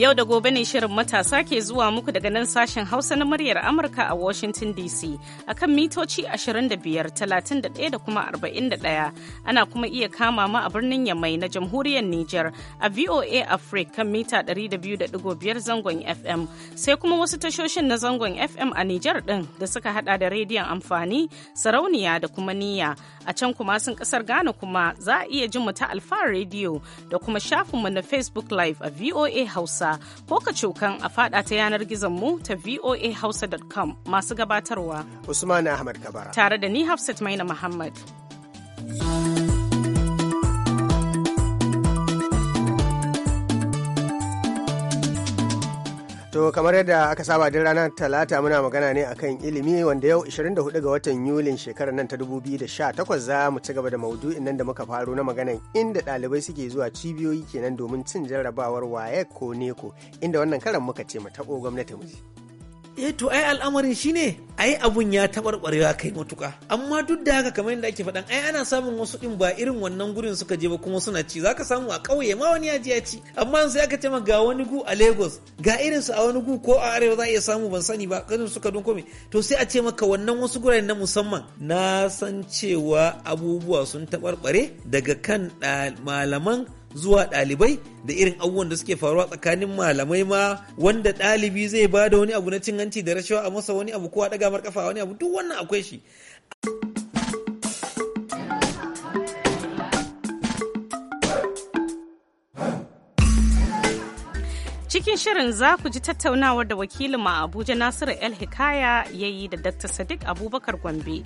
Yau da gobe ne shirin matasa ke zuwa muku daga nan sashen Hausa na muryar Amurka a Washington DC akan mitoci 25, 31 da kuma 41. Ana kuma iya kama ma a birnin Yamai na Jamhuriyar Nijar a VOA Africa kan mita 200.5 zangon FM. Sai kuma wasu tashoshin na zangon FM a Nijar din da suka hada da rediyon amfani, sarauniya da kuma niya A can kuma sun kasar Ghana kuma za a iya jin mu ta Alfa rediyo da kuma shafinmu na Facebook Live a VOA Hausa. ko ka cokan a fada ta yanar gizon mu ta voahausa.com masu gabatarwa. Usman Ahmad Kabara. Tare da ni Hafsat Maina Muhammad. To kamar yadda aka saba din ranar Talata muna magana ne akan ilimi wanda yau 24 ga watan Yulin shekarar nan ta 2018 za mu ci gaba da maudu'in nan da muka faro na magana inda dalibai suke zuwa cibiyoyi kenan domin cin jarrabawar waye ko neko inda wannan karan muka ce mu taɓo gwamnati mu eh to ai al'amarin shine ai abun ya tabarbarewa kai matuka amma duk da haka kamar yadda ake faɗan ai ana samun wasu din ba irin wannan gurin suka je ba kuma suna ci zaka samu a ƙauye ma wani ya je ya ci amma sai aka ce ma ga wani gu a Lagos ga irin su a wani gu ko a arewa za a iya samu ban sani ba kanin suka don kome to sai a ce maka wannan wasu guraren na musamman na san cewa abubuwa sun tabarbare daga kan ah, malaman zuwa ɗalibai da irin abubuwan da suke faruwa tsakanin malamai ma wanda ɗalibi zai ba da wani abu na cin hanci da rashawa a masa wani abu ko a ɗaga mar kafa wani abu duk wannan akwai shi cikin shirin za ku ji tattaunawar da wakilin ma Abuja Nasiru El Hikaya ya yi da Dr. Sadiq Abubakar Gombe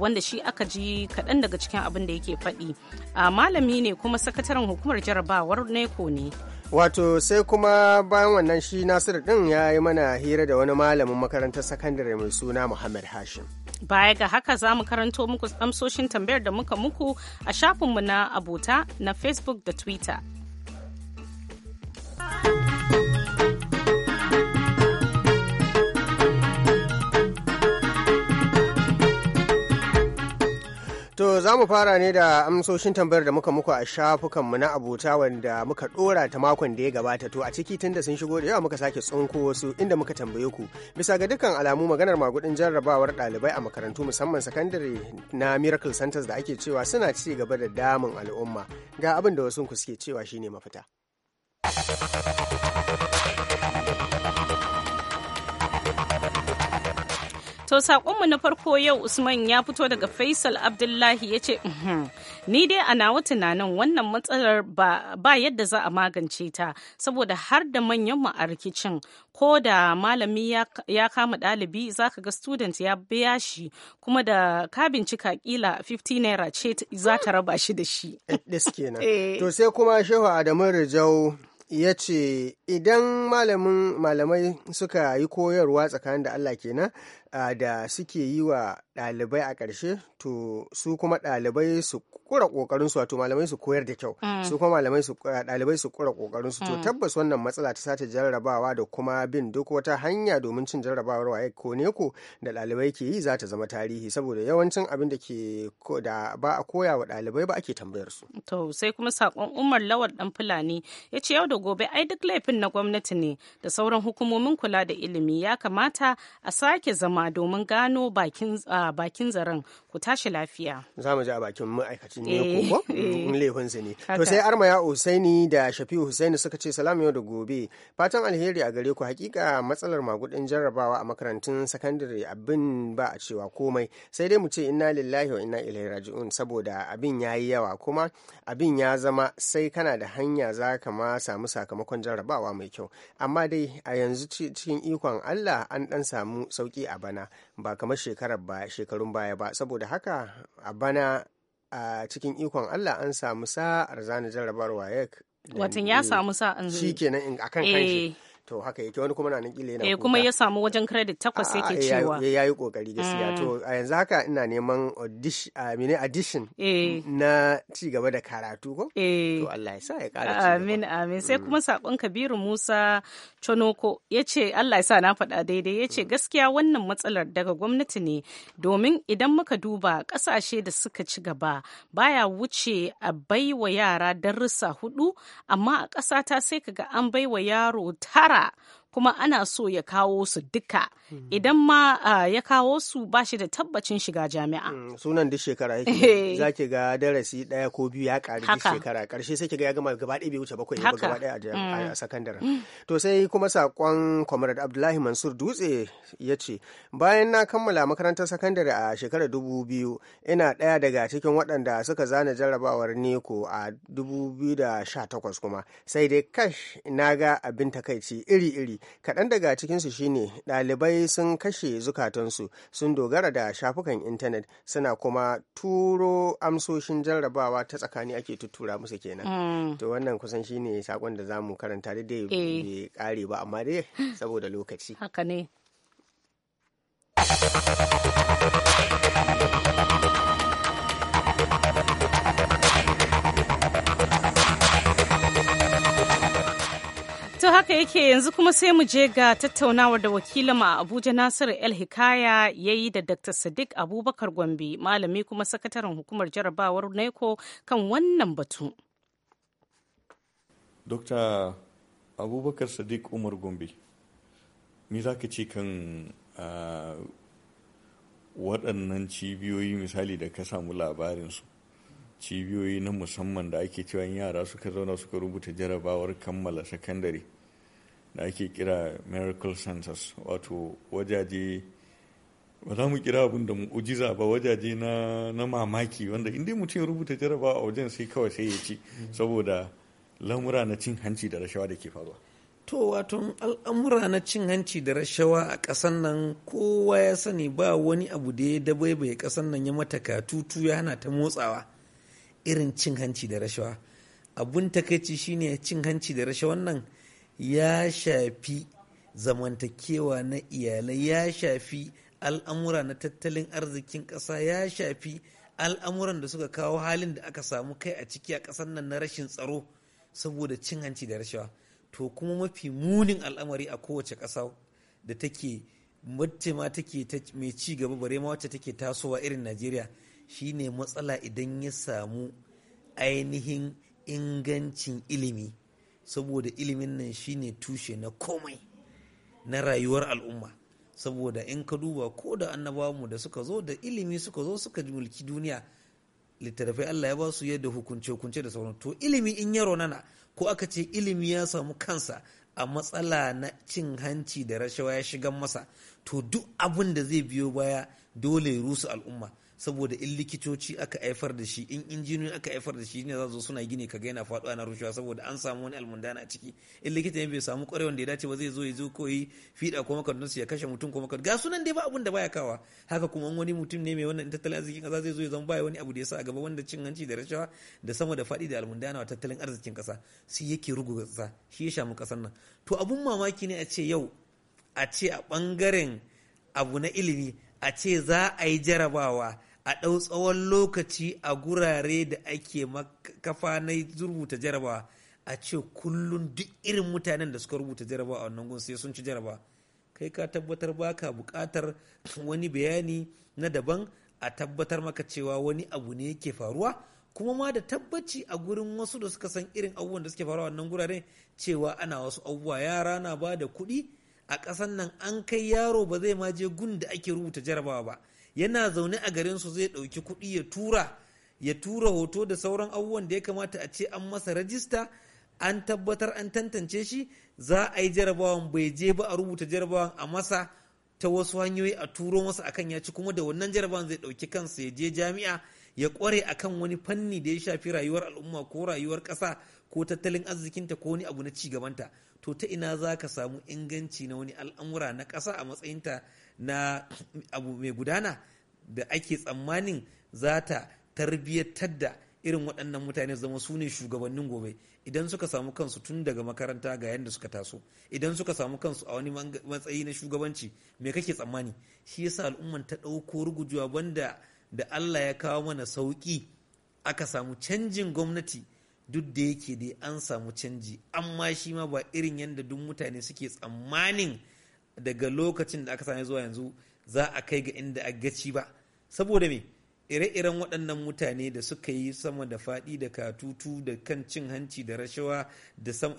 wanda shi aka ji kaɗan daga cikin abin da yake faɗi. Malami ne kuma sakataren hukumar jarabawar neko ne. Wato sai kuma bayan wannan shi Nasiru ɗin ya yi mana hira da wani malamin makarantar sakandare mai suna Muhammad Hashim. Baya ga haka za mu karanto muku amsoshin tambayar da muka muku a shafinmu na abota na Facebook da Twitter. To za mu fara ne da amsoshin tambayar da muka muku a shafukanmu na abota wanda muka dora ta makon da ya gabata to a ciki tunda sun shigo da yawa muka sake tsunko wasu inda muka tambaye ku bisa ga dukkan alamu maganar magudin jarrabawar ɗalibai a makarantu musamman sakandare na Miracle Centers da ake cewa suna ci gaba da damun al'umma ga abin da wasu ku suke cewa shine mafita. To saƙonmu na farko yau Usman ya fito daga Faisal Abdullahi ya ce, uhm, Ni dai a nawa tunanin wannan matsalar ba yadda za a magance ta, saboda har da manyan mu a rikicin, ko da malami ya kama ɗalibi za ka ga student ya biya shi kuma da ka bincika kila 50 naira ce za ta raba shi da shi. Eh. To sai kuma Shehu Adamu Rijau ya ce idan malamin malamai suka yi koyarwa tsakanin da Allah kenan da suke yi wa ɗalibai a ƙarshe to su kuma ɗalibai su kura ƙoƙarin su wato malamai su koyar da kyau mm. su kuma malamai su ɗalibai su kura ƙoƙarin su to mm. tabbas wannan matsala ta sace jarrabawa da kuma bin duk wata hanya domin cin jarrabawar waye ko ne ko da ɗalibai ke yi za ta zama tarihi saboda yawancin abin da ke da ba a koya wa ɗalibai ba ake tambayar su to sai kuma sakon Umar Lawal dan Fulani yace yau da gobe ai duk laifin na gwamnati ne da sauran hukumomin kula da ilimi ya kamata a sake zama domin gano bakin zaren ku tashi lafiya. Za mu ji a bakin ma'aikacin ne ko eh. su eh. mm, ne. To sai Armaya Usaini da Shafi'u Husaini suka ce salamu yau da gobe fatan alheri a gare ku hakika matsalar magudin jarrabawa a makarantun sakandare abin ba a cewa komai sai dai mu ce inna lillahi wa inna ilaihi raji'un saboda abin yayi yawa kuma abin ya zama sai kana da hanya za ka ma samu samu sakamakon jarrabawa mai kyau amma dai a yanzu cikin ikon allah an dan samu sauki a bana ba kamar shekarar ba shekarun baya ba saboda haka a bana a cikin ikon allah an samu sa'ar zana jarrabawar wayek watan ya samu sa'an shi kenan akan eh. kanshi to haka yake wani kuma na nan kila yana eh, kuma ya samu wajen credit takwas yake cewa ah, eh, ya yi kokari eh, gaskiya mm. to a yanzu haka ina neman a ah, addition na ci gaba da karatu ko to Allah ya sa ya kara amin amin sai mm. kuma sakon Kabiru Musa Chonoko yace Allah ya sa na faɗa daidai yace mm. gaskiya wannan matsalar daga gwamnati ne domin idan muka duba kasashe da suka ci gaba baya wuce a baiwa yara darussa hudu amma a ƙasa ta sai kaga an baiwa yaro tara 啊。kuma ana so ya kawo su duka hmm. idan ma ya kawo su ba shi da tabbacin shiga jami'a hmm, sunan duk shekara yake za ki ga darasi daya ko biyu ya ƙari duk shekara karshe sai ki ga ya gama gaba ɗaya bai wuce bakwai ya gaba ɗaya a hmm. sakandare to sai kuma sakon comrade abdullahi mansur dutse ya ce bayan na kammala makarantar sakandare a shekarar dubu biyu ina ɗaya daga cikin waɗanda suka zana jarrabawar neko a dubu biyu da sha takwas kuma sai dai kash na ga abin takaici iri-iri kaɗan daga cikinsu shine ɗalibai sun kashe zukatansu sun dogara da shafukan intanet suna kuma turo amsoshin jarrabawa ta tsakani ake tuttura musu kenan mm. to wannan kusan shine sakon da zamu karanta da dai bai kare eh. ba amma dai saboda lokaci haka ne haka yake yanzu kuma sai mu je ga tattaunawar da wakilin a Abuja Nasiru El Hikaya ya yi da Dr. Sadiq Abubakar Gombe, malami kuma sakataren hukumar jarabawar neko kan wannan batu. Dr. Abubakar Sadiq Umar Gombe, me za ka ce kan ah, waɗannan cibiyoyi misali da ka samu labarinsu? cibiyoyi na musamman da ake cewa yara suka zauna suka rubuta jarabawar kammala sakandare da ake kira miracle centers wato wajaje ba za mu kira abin da mu'ujiza ba wajaje na mamaki wanda inda mutum ya rubuta jaraba a wajen sai kawai sai ya ci saboda lamura na cin hanci da rashawa da ke faruwa to wato al'amura na cin hanci da rashawa a ƙasan nan kowa ya sani ba wani abu da ya dabaibaye ƙasan nan ya mata katutu ya hana ta motsawa irin cin hanci da rashawa abun takaici shine cin hanci da rashawan nan ya shafi zamantakewa na iyalai ya shafi al'amura na tattalin arzikin ƙasa ya shafi al'amuran da suka kawo halin da aka samu kai a ciki a ƙasar nan na rashin tsaro saboda cin hanci da rashawa to kuma mafi munin al'amari a kowace ƙasa da take wacce ma take mai ci gaba bare ma wacce take tasowa irin najeriya shine matsala idan ya samu ainihin ingancin ilimi saboda ilimin nan shine tushe na komai na rayuwar al'umma saboda in ka duba ko da annabawanmu da suka zo da ilimi suka zo suka mulki duniya littattafai Allah ya ba su yadda hukunce hukunce da sauran to ilimi in ya ronana ko aka ce ilimi ya samu kansa a matsala na cin hanci da rashawa ya shigan masa to duk abin da zai biyo baya dole ya rusa al'umma saboda in likitoci aka haifar da shi in injiniyoyi aka haifar da shi ne za su suna gini kaga yana faduwa na rushewa saboda an samu wani almundana a ciki in likita ne bai samu kwarewan da ya dace ba zai zo ya zo yi fida ko makardun su ya kashe mutum ko makardun ga sunan dai ba abun da baya kawa haka kuma wani mutum ne mai wannan tattalin arzikin kasa zai zo ya zama baya wani abu da ya sa a gaba wanda cin hanci da rashawa da sama da fadi da almundana wa tattalin arzikin kasa sai yake ruguza kasa shi ya shamu kasar nan to abun mamaki ne a ce yau a ce a bangaren abu na ilimi a ce za a yi jarabawa a ɗau tsawon lokaci a gurare da ake kafa na rubuta jarabawa a ce kullum duk irin mutanen da suka rubuta jarabawa a wannan gun sai sun ci jaraba kai ka tabbatar baka buƙatar wani bayani na daban a tabbatar maka cewa wani abu ne yake faruwa kuma ma da tabbaci a gurin wasu da suka san irin abubuwan da suke faruwa wannan gurare cewa ana wasu abubuwa yara na ba da kuɗi a ƙasan nan an kai yaro ba zai ma je gun da ake rubuta jarabawa ba yana zaune a garin su zai ɗauki kuɗi ya tura ya tura hoto da sauran abubuwan da ya kamata a ce an masa rajista an tabbatar an tantance shi za a yi jarabawan bai je ba a rubuta jarabawan a masa ta wasu hanyoyi a turo masa akan ya ci kuma da wannan jarabawan zai ɗauki kansa ya je jami'a ya kware akan wani fanni da ya shafi rayuwar al'umma ko rayuwar ƙasa ko tattalin arzikinta ko wani abu na ci gabanta to ta ina za ka samu inganci na wani al'amura na ƙasa a matsayinta na abu mai gudana da ake tsammanin za ta tarbiyyatar da irin waɗannan mutane zama su ne shugabannin gobe idan suka samu kansu tun daga makaranta ga yadda suka taso idan suka samu kansu a wani matsayi na shugabanci me kake tsammani shi yasa al'umman ta ɗauko rugujuwa banda da Allah ya kawo mana sauƙi aka samu canjin gwamnati duk da yake dai an samu canji amma shi ma ba irin yadda duk mutane suke tsammanin daga lokacin da aka same zuwa yanzu za a kai ga inda a gaci ba saboda me ire-iren waɗannan mutane da suka yi sama da faɗi da katutu da kan cin hanci da rashawa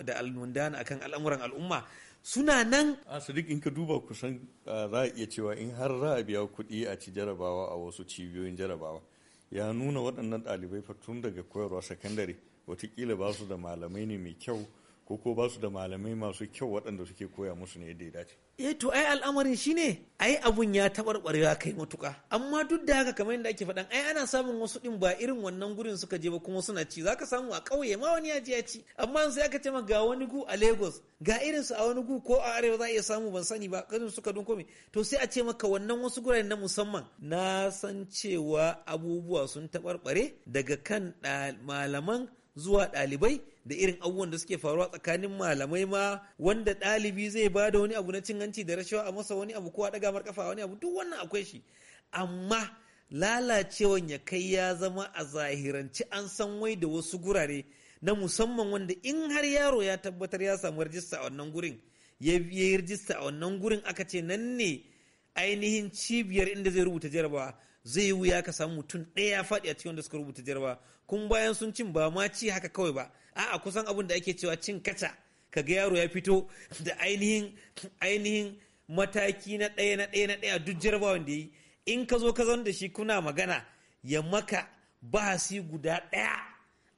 da almundana akan al'amuran al'umma suna nan a ah, sadiq in ka duba kusan ah, za a iya cewa in har za a biya kuɗi a ci jarabawa a wasu cibiyoyin jarabawa ya nuna waɗannan ɗalibai fa tun daga koyarwa sakandare watakila ba su da malamai ne mai kyau ko ko ba su da malamai masu kyau waɗanda suke koya musu ne yadda ya dace. Eh to ai al'amarin shine ai abun ya taɓarɓarewa kai matuƙa amma duk da haka kamar yadda ake faɗan ai ana samun wasu ɗin ba irin wannan gurin suka je ba kuma suna ci zaka samu a ƙauye ma wani ya ji ya ci amma sai aka ce ma ga wani gu a Lagos ga irin su a wani gu ko a arewa za a iya samu ban sani ba kadin suka dun komai to sai a ce maka wannan wasu gurare na musamman na san cewa abubuwa sun taɓarɓare daga kan malaman zuwa ɗalibai da irin abubuwan da suke faruwa tsakanin malamai ma wanda ɗalibi zai ba da wani abu na cin hanci da rashawa a masa wani abu kowa ɗaga mar kafa wani abu duk wannan akwai shi amma lalacewan ya kai ya zama a zahiranci an san wai da wasu gurare na musamman wanda in har yaro ya tabbatar ya samu rajista a wannan gurin ya yi rajista a wannan gurin aka ce nan ne ainihin cibiyar inda zai rubuta jarabawa zai wuya ka samu mutum ɗaya faɗi a cikin wanda suka rubuta jarabawa kun bayan sun cin ba ma ci haka kawai ba a'a kusan abin da ake cewa cin kaca kaga yaro ya fito da ainihin ainihin mataki na ɗaya na ɗaya na ɗaya duk jarabawan da yi in ka zo ka zan da shi kuna magana ya maka bahasi guda ɗaya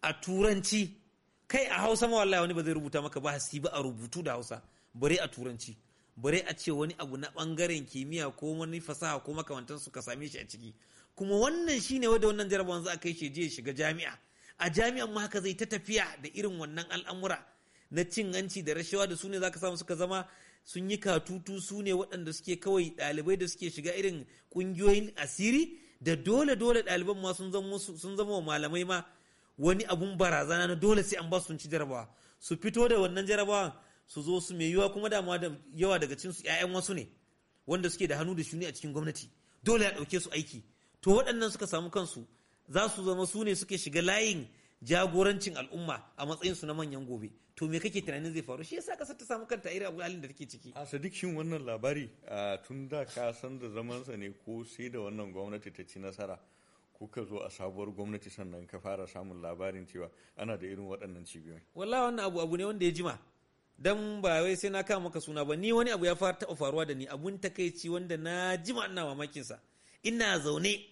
a turanci kai a hausa ma wallahi wani ba zai rubuta maka bahasi ba a rubutu da hausa bare a turanci bare a ce wani abu na ɓangaren kimiyya ko wani fasaha ko makamantansu ka same shi a ciki kuma wannan shine wadda wannan jarabawan za a kai shi je shiga jami'a a jami'an mu haka zai ta tafiya da irin wannan al'amura na cin hanci da rashawa da su ne zaka samu suka zama sun yi katutu su ne waɗanda suke kawai ɗalibai da suke shiga irin ƙungiyoyin asiri da dole dole ɗaliban ma sun zama wa malamai ma wani abun barazana na dole sai an ba su ci jarabawa su fito da wannan jarabawan su zo su mai yiwa kuma dama da yawa daga cin su ƴaƴan wasu ne wanda suke da hannu da shuni a cikin gwamnati dole a ɗauke su aiki to waɗannan suka samu kansu za su zama su ne suke shiga layin jagorancin al'umma a matsayin su na manyan gobe to me kake tunanin zai faru shi yasa kasar ta samu kanta irin abu halin da take ciki a sadik shin wannan labari tun da ka san da zamansa ne ko sai da wannan gwamnati ta ci nasara ka zo a sabuwar gwamnati sannan ka fara samun labarin cewa ana da irin waɗannan cibiyoyi. Wallahi wannan abu abu ne wanda ya jima. Dan ba wai sai na kama maka suna ba ni wani abu ya fara taɓa faruwa da ni abun takaici wanda na jima ina mamakin sa. Ina zaune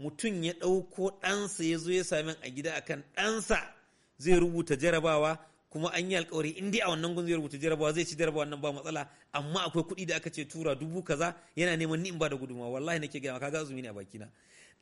mutum ya ɗauko ɗansa ya zo ya sami a gida akan ɗansa zai rubuta jarabawa kuma an yi alkawari in dai a wannan gun zai rubuta jarabawa zai ci jarabawa nan ba matsala amma akwai kuɗi da aka ce tura dubu kaza yana neman ni in ba da guduma wallahi nake gaya kaga azumi ne a bakina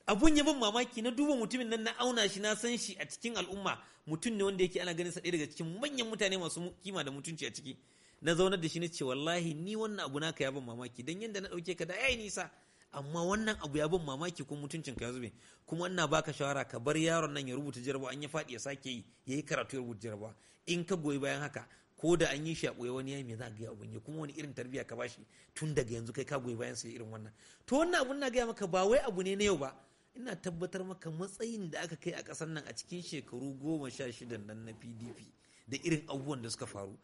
abun ya ban mamaki na duba mutumin nan na auna shi na san shi a cikin al'umma mutum ne wanda yake ana ganin sa ɗaya daga cikin manyan mutane masu kima da mutunci a ciki na zaunar da shi na ce wallahi ni wannan abu naka ya ban mamaki dan yadda na ɗauke ka da yi nisa amma wannan abu ya bin mamaki ko mutuncin ka ya zube kuma ina baka shawara ka bar yaron nan ya rubuta jarba an ya faɗi ya sake yi ya yi karatu ya rubuta jarba in ka goyi bayan haka ko da an yi shi a ɓoye wani yayi me za ga abun ya kuma wani irin tarbiyya ka bashi tun daga yanzu kai ka goyi bayan sai irin wannan to wannan abun na gaya maka ba wai abu ne na yau ba ina tabbatar maka matsayin da aka kai a ƙasar nan a cikin shekaru goma sha shidan nan na pdp da irin abubuwan da suka faru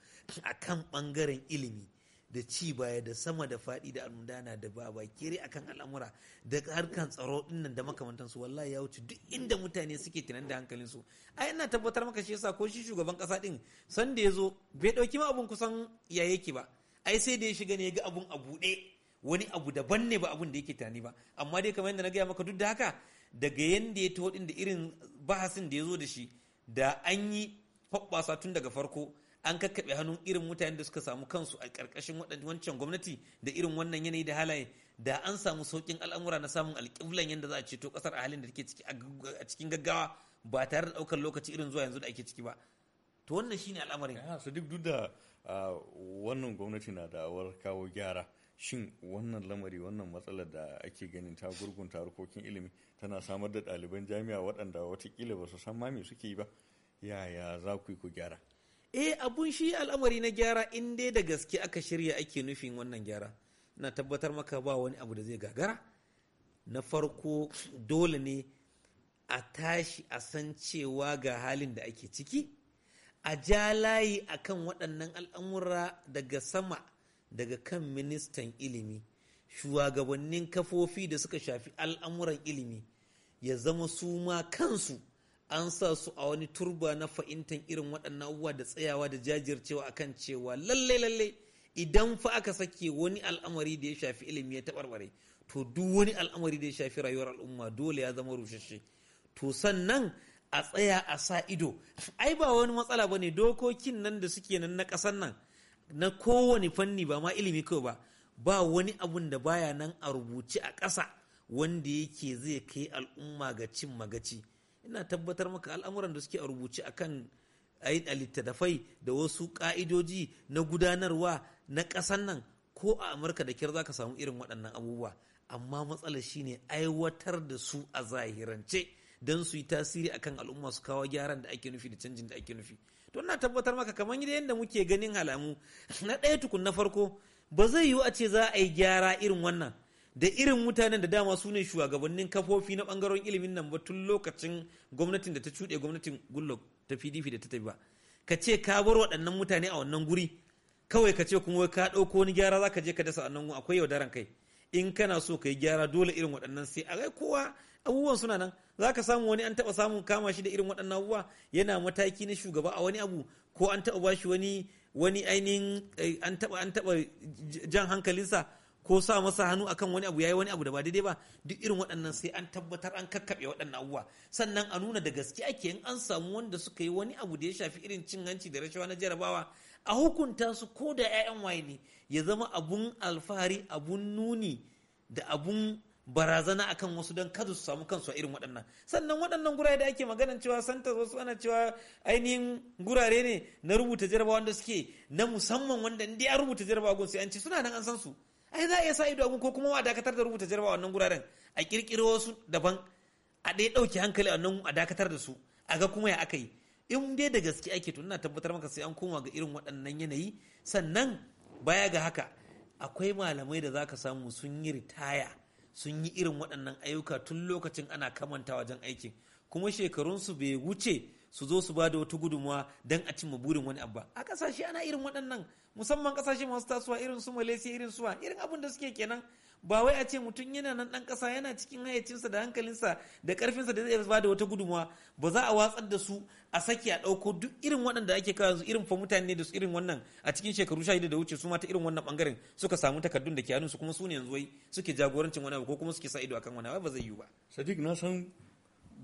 a kan ɓangaren ilimi da ci baya da sama da faɗi da almudana da baba kere akan al'amura da harkan tsaro dinnan da su wallahi ya wuce duk inda mutane suke tunan da hankalin su ai ina tabbatar maka shi yasa ko shi shugaban kasa din san da ya zo bai dauki ma abun kusan ya yake ba ai sai da ya shiga ne ya ga abun a buɗe wani abu daban ne ba abun da yake tani ba amma dai kamar yadda na gaya maka duk da haka daga yanda ya taho din da irin bahasin da ya zo da shi da an yi hoɓɓasa tun daga farko an kakkaɓe hannun irin mutanen da suka samu kansu a ƙarƙashin wancan gwamnati da irin wannan yanayi da halaye da an samu sauƙin al'amura na samun alƙiblan yadda za a ceto ƙasar a halin da take ciki a cikin gaggawa ba tare da ɗaukar lokaci irin zuwa yanzu da ake ciki ba to wannan shine al'amarin ah, su duk duk da ah, wannan gwamnati na da awar kawo gyara shin wannan lamari wannan matsalar da ake ganin ta gurgunta harkokin ilimi tana samar da ɗaliban jami'a waɗanda watakila ba su san ma me suke yi ba yaya za ku yi ku gyara eh abun shi al'amari na gyara in dai da gaske aka shirya ake nufin wannan gyara na tabbatar maka ba wani abu da zai gagara na farko dole ne a tashi a san cewa ga halin da ake ciki a ja layi a kan waɗannan al'amura daga sama daga kan ministan ilimi shugabannin kafofi da suka shafi al'amuran ilimi ya zama su ma kansu an sa su a wani turba na fahimtar irin waɗannan abubuwa da tsayawa da jajircewa akan cewa lallai lallai idan fa aka sake wani al'amari da ya shafi ilimi ya taɓarɓare to duk wani al'amari da ya shafi rayuwar al'umma dole ya zama rushashe to sannan a tsaya a sa ido ai ba wani matsala ba ne dokokin nan da suke nan na ƙasar nan na kowane fanni ba ma ilimi kawai ba ba wani abun da baya nan a rubuce a ƙasa wanda yake zai kai al'umma ga cin magaci ina tabbatar maka al'amuran da suke a rubuce akan a littattafai da wasu ka'idoji na gudanarwa na ƙasan nan ko a amurka da kyar za ka samu irin waɗannan abubuwa amma matsalar shine aiwatar da su a zahirance don su yi tasiri akan al'umma su kawo gyaran da ake nufi da canjin da ake nufi to ina tabbatar maka kamar yadda muke ganin alamu na ɗaya tukun na farko ba zai yiwu a ce za a yi gyara irin wannan da irin mutanen da dama su ne shugabannin kafofi na bangaren ilimin nan ba tun lokacin gwamnatin da ta cuɗe gwamnatin gullo ta pdp da ta tafi ba ka ce ka bar waɗannan mutane a wannan guri kawai ka ce kuma ka ɗauko wani gyara za ka je ka dasa wannan akwai yaudaran kai in kana so ka yi gyara dole irin waɗannan sai a kowa abubuwan suna nan za ka samu wani an taɓa samun kama shi da irin waɗannan abubuwa yana mataki na shugaba a wani abu ko an taɓa bashi wani wani ainihin eh, an taɓa an taɓa jan hankalinsa ko sa masa hannu akan wani abu yayi wani abu da ba daidai ba duk irin waɗannan sai an tabbatar an kakkaɓe waɗannan abubuwa sannan a nuna da gaske ake in an samu wanda suka yi wani abu da ya shafi irin cin hanci da rashawa na jarabawa a hukunta su ko da ƴaƴan waye ne ya zama abun alfahari abun nuni da abun barazana akan wasu don kada su samu kansu a irin waɗannan sannan waɗannan gurare da ake maganan cewa santa wasu ana cewa ainihin gurare ne na rubuta jarabawa wanda suke na musamman wanda in dai an rubuta jarabawa gun sai an ce suna nan an san su ai za a iya sa ido ko kuma a dakatar da rubuta jarabawa wannan guraren a kirkiro wasu daban a ɗaya ɗauki hankali a nan a dakatar da su a ga kuma ya aka yi in dai da gaske ake to ina tabbatar maka sai an koma ga irin waɗannan yanayi sannan baya ga haka akwai malamai da zaka samu sun yi ritaya sun yi irin waɗannan ayyuka tun lokacin ana kamanta wajen aikin kuma shekarunsu bai wuce su zo su ba da wata gudunmawa don a cimma burin wani abu a kasashe ana irin waɗannan musamman kasashe masu tasowa irin su malaysia irin suwa irin abin da suke kenan ba wai a ce mutum yana nan ɗan ƙasa yana cikin hayyacinsa da hankalinsa da ƙarfinsa da zai ba da wata gudunmawa ba za a watsar da su a saki a ɗauko duk irin waɗanda ake kawo yanzu irin fa mutane da su irin wannan a cikin shekaru sha da wuce su ma ta irin wannan ɓangaren suka samu takardun da ke su kuma su ne yanzu wai suke jagorancin wani abu ko kuma suke sa ido akan wani abu ba zai yiwu ba. Sadiq na san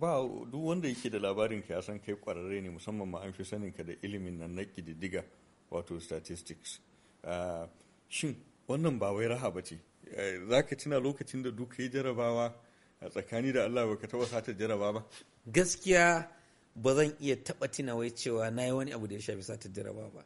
ba duk wanda yake da labarin ka ya san kai kwararre ne musamman ma an fi sanin ka da ilimin nan na kididdiga wato statistics ah, shin wannan ba wai raha ba ce eh, za ka tuna lokacin da duk yi jarabawa a tsakani da allah baka taba sata jaraba ba gaskiya ba zan iya taba tuna wai cewa na yi wani abu da ya shafi sata jaraba ba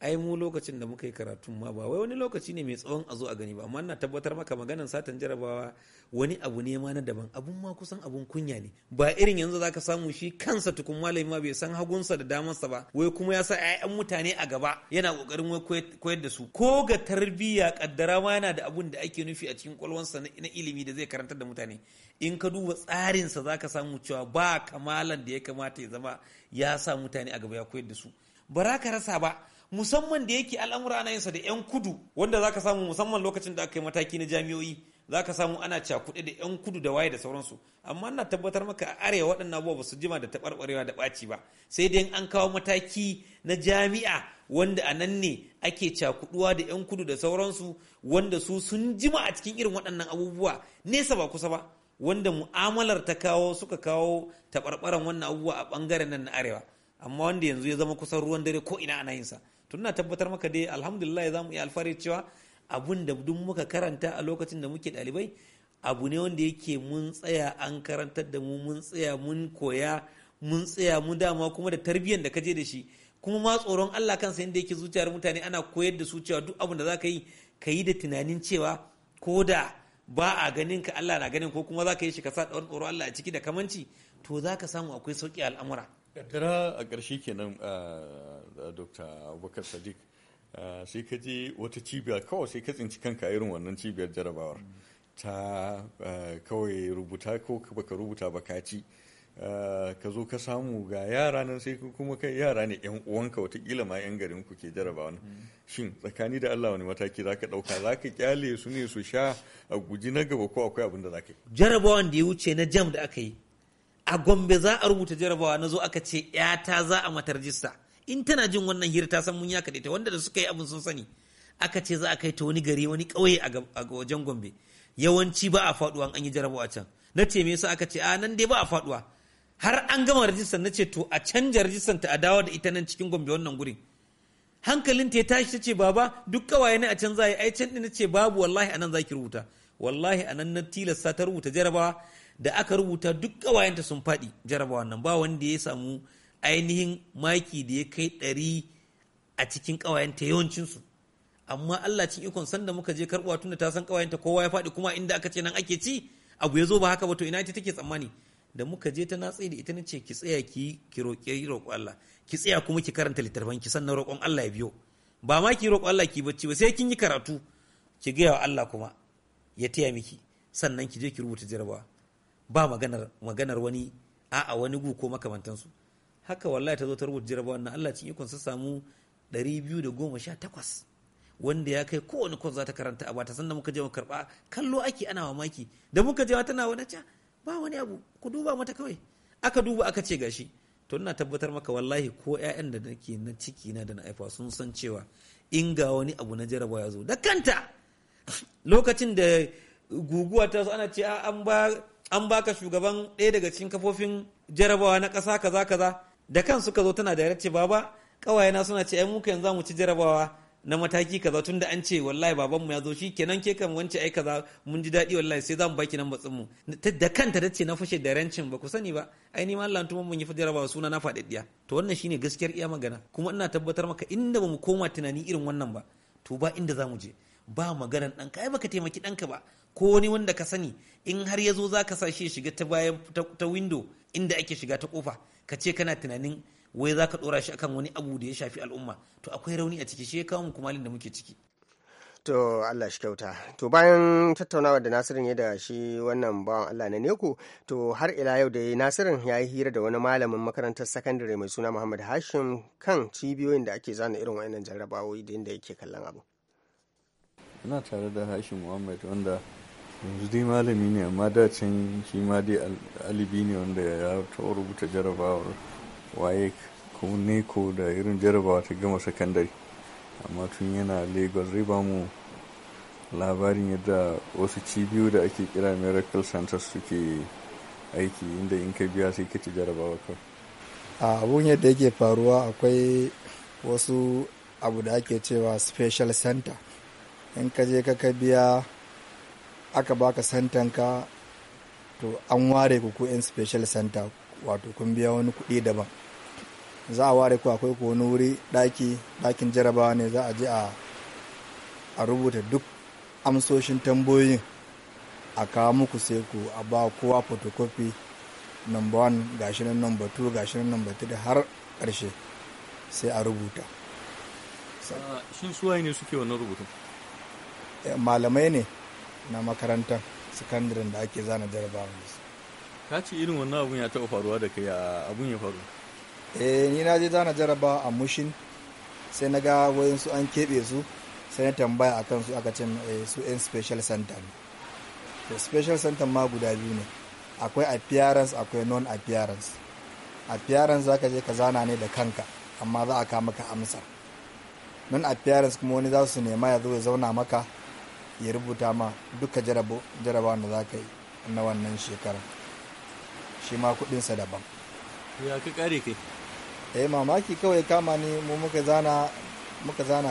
ai mu lokacin da muka yi karatun ma ba wai wani lokaci ne mai tsawon a zo a gani ba amma ina tabbatar maka maganan satan jarabawa wani abu ne ma na daban abun ma kusan abun kunya ne ba irin yanzu zaka samu shi kansa tukun malami ma bai san hagunsa da damansa ba wai kuma ya sa ƴaƴan mutane a gaba yana kokarin wai koyar da su ko ga tarbiyya kaddara ma yana da abun da ake nufi a cikin kwalwansa na ilimi da zai karantar da mutane in ka duba tsarinsa zaka samu cewa ba kamalan da ya kamata ya zama ya sa mutane a gaba ya koyar da su ba ka rasa ba musamman da yake al'amura ana yinsa da 'yan kudu wanda zaka samu musamman lokacin da aka yi mataki na jami'o'i zaka samu ana cakuɗe da 'yan kudu da waye da sauransu amma ina tabbatar maka a arewa waɗannan abubuwa ba su jima da taɓarɓarewa da ɓaci ba sai dai an kawo mataki na jami'a wanda a nan ne ake cakuɗuwa da 'yan kudu da sauransu wanda su sun jima a cikin irin waɗannan abubuwa nesa ba kusa ba wanda mu'amalar ta kawo suka kawo taɓarɓaran wannan abubuwa a ɓangaren nan na arewa amma wanda yanzu ya zama kusan ruwan dare ko ina ana yinsa tun na tabbatar maka dai alhamdulillah za mu iya alfahari cewa abun da duk muka karanta a lokacin da muke ɗalibai abu ne wanda yake mun tsaya an karantar da mu mun tsaya mun koya mun tsaya mu dama kuma da tarbiyyar da kaje da shi kuma ma tsoron Allah kansa inda yake zuciyar mutane ana koyar da su cewa duk abun da za ka yi ka yi da tunanin cewa ko da ba a ganin ka Allah na ganin ko kuma za ka yi shi ka sa wani tsoro Allah a ciki da kamanci to za ka samu akwai sauki al'amura kaddara a ƙarshe kenan dr abubakar sadiq sai ka je wata cibiyar kawai sai ka tsinci kanka irin wannan cibiyar jarabawar ta kawai rubuta ko baka rubuta ba kaci ka zo ka samu ga yara nan sai kuma kai yara ne yan uwanka watakila ma yan garin ku ke jaraba wani shin tsakani da Allah wani mataki za ka ɗauka za ka kyale su ne su sha a guji na gaba ko akwai abin da za ka yi jarabawan da ya wuce na jam da aka yi a gombe za a rubuta jarabawa na zo aka ce yata za a mata rajista in tana jin wannan hira ta san mun ya kaɗe ta wanda da suka yi abin sun sani aka ce za a kai ta wani gari wani ƙauye a wajen gombe yawanci ba a faɗuwa an yi jarabawa can na ce me yasa aka ce a nan dai ba a faɗuwa har an gama rajistar na ce to a canja rajistar ta a dawo da ita nan cikin gombe wannan gurin hankalin ta ya tashi ta ce baba duk kawaye ne a can za a yi ai can ɗin na ce babu wallahi a nan za ki rubuta wallahi a nan na tilasta ta rubuta jarabawa da aka rubuta duk ƙawayenta sun faɗi jarabawa nan ba wanda ya samu ainihin maki da ya kai ɗari a cikin ƙawayenta yawancinsu amma Allah cin ikon sanda muka je karɓuwa tun da ta san ƙawayenta kowa ya faɗi kuma inda aka ce nan ake ci abu ya zo ba haka ba to ina ita take tsammani da muka je ta natsi da ita na ce ki tsaya ki ki roƙe roƙo Allah ki tsaya kuma ki karanta littattafan ki sannan roƙon Allah ya biyo ba ma ki roƙo Allah ki bacci ba sai kin yi karatu ki gaya wa Allah kuma ya taya miki sannan ki je ki rubuta jarabawa ba maganar maganar wani a'a wani gu ko makamantansu haka wallahi ta zo ta rubuta jarabawa Wannan Allah cin ikon sa samu 218 wanda ya kai kowane kon za ta karanta a bata sannan muka je mu karba kallo ake ana mamaki da muka je tana wani ca ba wani abu ku duba mata kawai aka duba aka ce gashi to ina tabbatar maka wallahi ko ƴaƴan da nake na ciki na da na aifa sun san cewa in ga wani abu na jarabawa ya zo da kanta lokacin da guguwa ta zo ana ce an ba an baka shugaban ɗaya daga cikin kafofin jarabawa na ƙasa kaza kaza da kan suka zo tana da ce baba ƙawayena suna ce ai mu yanzu mu ci jarabawa na mataki kaza tun da an ce wallahi babanmu ya zo shi kenan ke kan wance ai kaza mun ji daɗi wallahi sai zamu baki nan batsin mu da kanta ta ce na fashe da rancin ba ku sani ba ai ni ma Allah tuma mun yi jarabawa suna na faɗaɗɗiya to wannan shine gaskiyar iya magana kuma ina tabbatar maka inda ba mu koma tunani irin wannan ba to ba inda zamu je ba maganan ɗanka ai baka taimaki ɗanka ba ko wani wanda ka sani in har ya zo za ka sa shi shiga ta bayan ta window inda ake shiga ta kofa ka ce kana tunanin wai za ka dora shi akan wani abu da ya shafi al'umma to akwai rauni a ciki shi ya kawo mu kumalin da muke ciki To Allah shi kyauta. To bayan tattaunawa da Nasirin ya da shi wannan bawan Allah na Neko, to har ila yau da Nasirin ya yi hira da wani malamin makarantar sakandare mai suna Muhammad Hashim kan cibiyoyin da ake zana irin wayannan jarrabawoyi da inda yake kallon abu. Ina tare da Hashim Muhammad wanda yanzu dai malami ne amma da can shi ma dai alibi ne wanda ya taɓa rubuta jarabawar waye ko da irin jarabawa ta gama sakandare amma tun yana lagos zai ba mu labarin yadda wasu cibiyu da ake kira miracle center suke aiki inda in ka biya sai ka ci jarabawa kawai a abun yadda yake faruwa akwai wasu abu da ake cewa special center in ka je ka biya aka baka santanka to an ware ku ko yan special center wato kun biya wani kuɗi daban za a ware ku akwai ku wani wuri ɗaki ɗakin jarabawa ne za a je a rubuta duk amsoshin tambayoyin a kawo muku sai ku a ba kowa photocopy number one gashi nan number two gashi nan number three har ƙarshe sai a rubuta ah, shin suwaye ne suke wannan rubutun eh, malamai ne na makarantar sakandaren da ake zana su. ka ce irin wannan abun ya taɓa faruwa da kai a abun ya faru eh ni na je zana jaraba a mushin sai na ga su an keɓe su sai na tambaya a kan su aka ce eh, su 'yan special center ne to special center ma guda biyu ne akwai appearance akwai non appearance appearance za ka je ka zana ne da kanka amma za a ka maka amsa non appearance kuma wani za su nema ya zo ya zauna maka ya rubuta ma duka jarabawan da za ka yi na wannan shekarar shi ma kudinsa daban ya ka kare kai eh mamaki kawai kama ne mu muka zana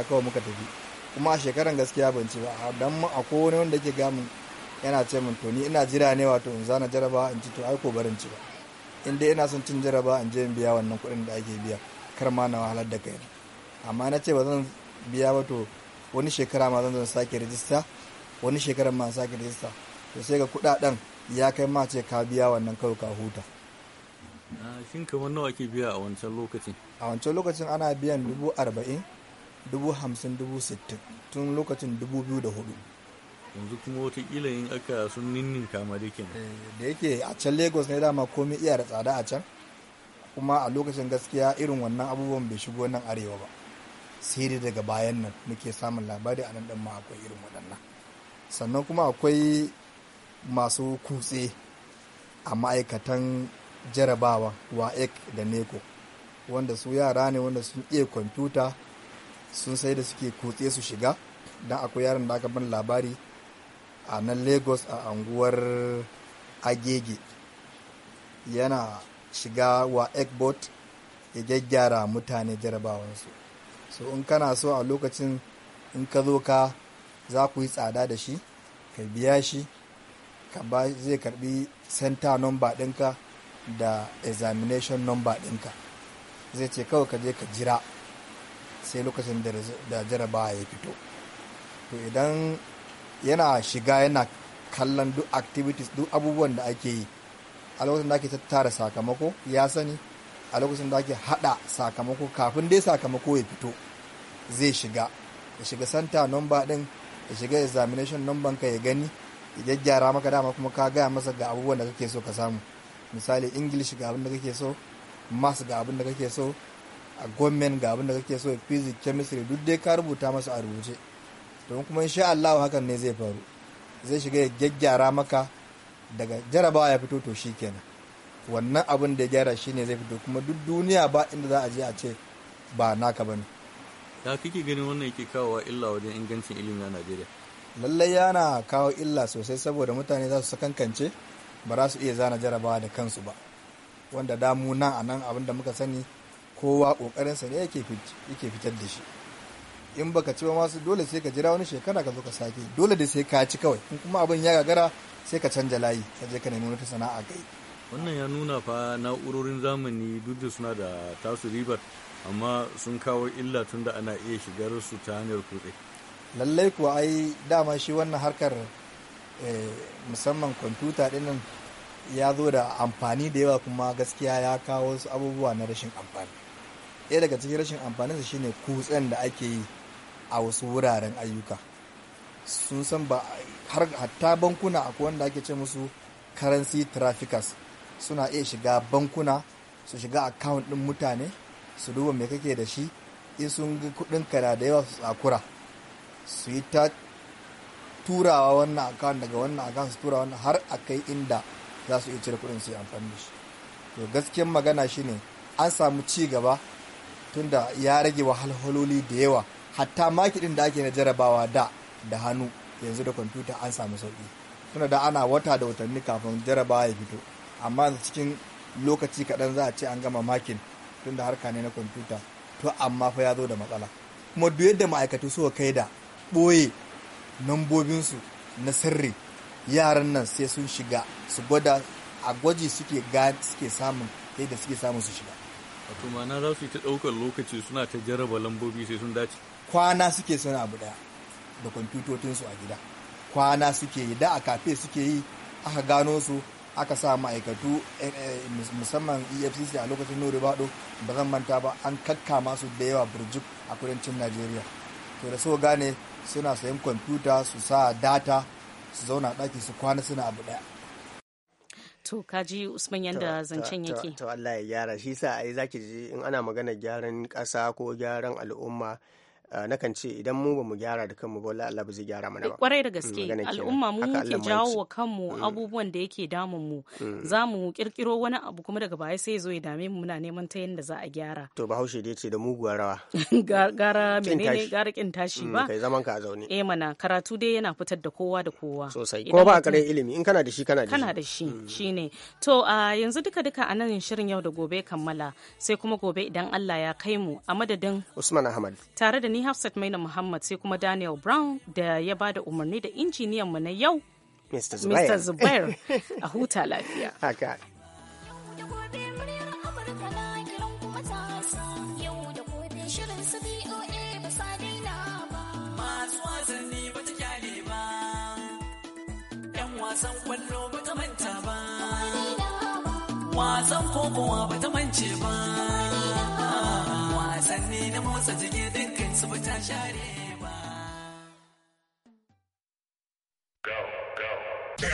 kawai muka tafi kuma a shekaran gaskiya ban ci ba dan mu a kowane wanda yake gamin yana ce min to ni ina jira ne wato in zana jaraba in ci to ai ko barin ci ba in dai ina son cin jaraba in je in biya wannan kuɗin da ake biya kar ma na wahalar da kai amma na ce ba zan biya ba to wani shekara ma zan zan sake rijista wani shekarar ma sake rijista to sai ga kudaden ya kai ma ce ka biya wannan kawai ka huta ah, shin kamar nawa ke biya a wancan lokacin a wancan lokacin ana biyan dubu arba'in dubu hamsin dubu sittin tun lokacin dubu biyu da hudu yanzu kuma watakila yin aka sun ninnin kama da kenan eh, da yake a can lagos ne dama komai iya da tsada a can kuma a lokacin gaskiya irin wannan abubuwan bai shigo nan arewa ba sai daga bayan nan muke samun labari a nan ma akwai irin waɗannan sannan kuma akwai masu kutse a ma'aikatan jarabawa wa ek da neco wanda su yara ne wanda sun iya kwamfuta sun sai da suke kutse su shiga don akwai yaran da aka ban labari a nan lagos a anguwar agege yana shiga wa ekbot ya gyaggyara mutane jarabawansu so in kana so a lokacin in ka zo ka za ku yi tsada da shi ka biya shi ka ba zai karbi center number ɗinka da examination number ɗinka zai ce kawai ka je ka jira sai lokacin da jarabawa ya fito to idan yana shiga yana kallon duk activities duk abubuwan da ake yi a lokacin da ake tattara sakamako ya sani a lokacin da ake hada sakamako kafin dai sakamako ya fito zai shiga ya shiga santa nomba din ya shiga examination number ka ya gani ya gyaggyara maka dama kuma ka gaya masa ga abubuwan da kake so ka samu misali english ga abin da kake so maths ga abin da kake so a gomen ga abin da kake so physics chemistry duk dai ka rubuta masa a rubuce don kuma insha Allah hakan ne zai faru zai shiga ya gyaggyara maka daga jarabawa ya fito to shi shikenan wannan abin da ya gyara ne zai fito kuma duk duniya ba inda za a je a ce ba naka bane ya kake ganin wannan yake kawowa illa wajen ingancin ilimi a najeriya lallai yana kawo illa sosai saboda mutane za su sakankance ba za su iya zana jarabawa da kansu ba wanda damu nan a nan abin da muka sani kowa ƙoƙarinsa ne yake fitar da shi in baka ci ba masu dole sai ka jira wani shekara ka zo ka sake dole da sai ka ci kawai in kuma abin ya gagara sai ka canja layi ka je ka nemi wata sana'a kai wannan ya nuna fa na'urorin zamani duk da suna da tasu ribar amma sun kawo illa tunda ana iya shigar su ta hanyar kutse lallai kuwa ai dama shi wannan harkar eh, musamman kwamfuta dinnan ya zo da amfani da yawa kuma gaskiya ya kawo su abubuwa na rashin amfani ɗaya daga cikin rashin amfaninsa shine kutsen da ake yi a wasu wuraren ayyuka sun san ba har hatta bankuna a wanda ake ce musu currency traffickers suna iya shiga bankuna su shiga account ɗin mutane su duba me kake da shi in sun ga kudin ka da yawa su tsakura su yi ta turawa wannan account daga wannan account su tura wannan har a kai inda za su iya cire kudin su yi amfani da shi to gaskiyar magana ne, an samu ci gaba tunda ya rage wahalhaloli da yawa hatta ɗin da ake na jarabawa da da hannu yanzu da kwamfuta an samu sauki tunda da ana wata da watanni kafin jarabawa ya fito amma cikin lokaci kaɗan za a ce an gama makin tunda harka ne na kwamfuta to amma fa ya zo da matsala kuma duk yadda ma'aikatu suka kai da ɓoye nambobinsu na sirri yaran nan sai sun shiga su gwada a gwaji suke suke samun yadda suke samun su shiga wato ma'ana za su yi ta ɗaukar lokaci suna ta jaraba lambobi sai sun dace kwana suke suna abu ɗaya da kwamfutotinsu a gida kwana suke yi da a kafe suke yi aka gano su aka sa ma'aikatu eh, eh, musamman efcc a lokacin nori bado ba zan manta ba an kakkama su da yawa burjuk a kudancin najeriya to da so gane suna sayan kwamfuta su sa data su zauna ɗaki su kwana suna abu ɗaya to kaji usman yadda zancen yake to Allah ya gyara shi sa ai zaki ji in ana magana gyaran ƙasa ko gyaran al'umma Ah, nakan ce idan mu ba mu gyara da kanmu ba wallahi Allah ba zai gyara mana ba kwarai da mm, gaske al'umma mu ke jawo wa kanmu mm. abubuwan da yake damun mu mm. za mu kirkiro wani abu kuma daga baya sai zo ya dame mu muna neman ta yadda za a gyara to haushe dai ce da muguwa rawa gara menene gara kin tashi ba kai zaman ka a zaune eh mana karatu dai yana fitar da kowa da kowa sosai ko ba a kare ilimi in kana da shi kana da shi kana da shi shine to yanzu duka duka a nan shirin yau da gobe kammala sai kuma gobe idan Allah ya kai mu a madadin Usman Ahmad tare da ni Hafsat Maina Muhammad sai kuma Daniel Brown da ya ba da umarni da injiniyan mu na yau Mr. Zubair, Mr. Zubair. a huta lafiya. Haka. wasan kwallo ba ta manta ba wasan kokowa ba ta mance ba wasanni na motsa jiki dukkan su fita share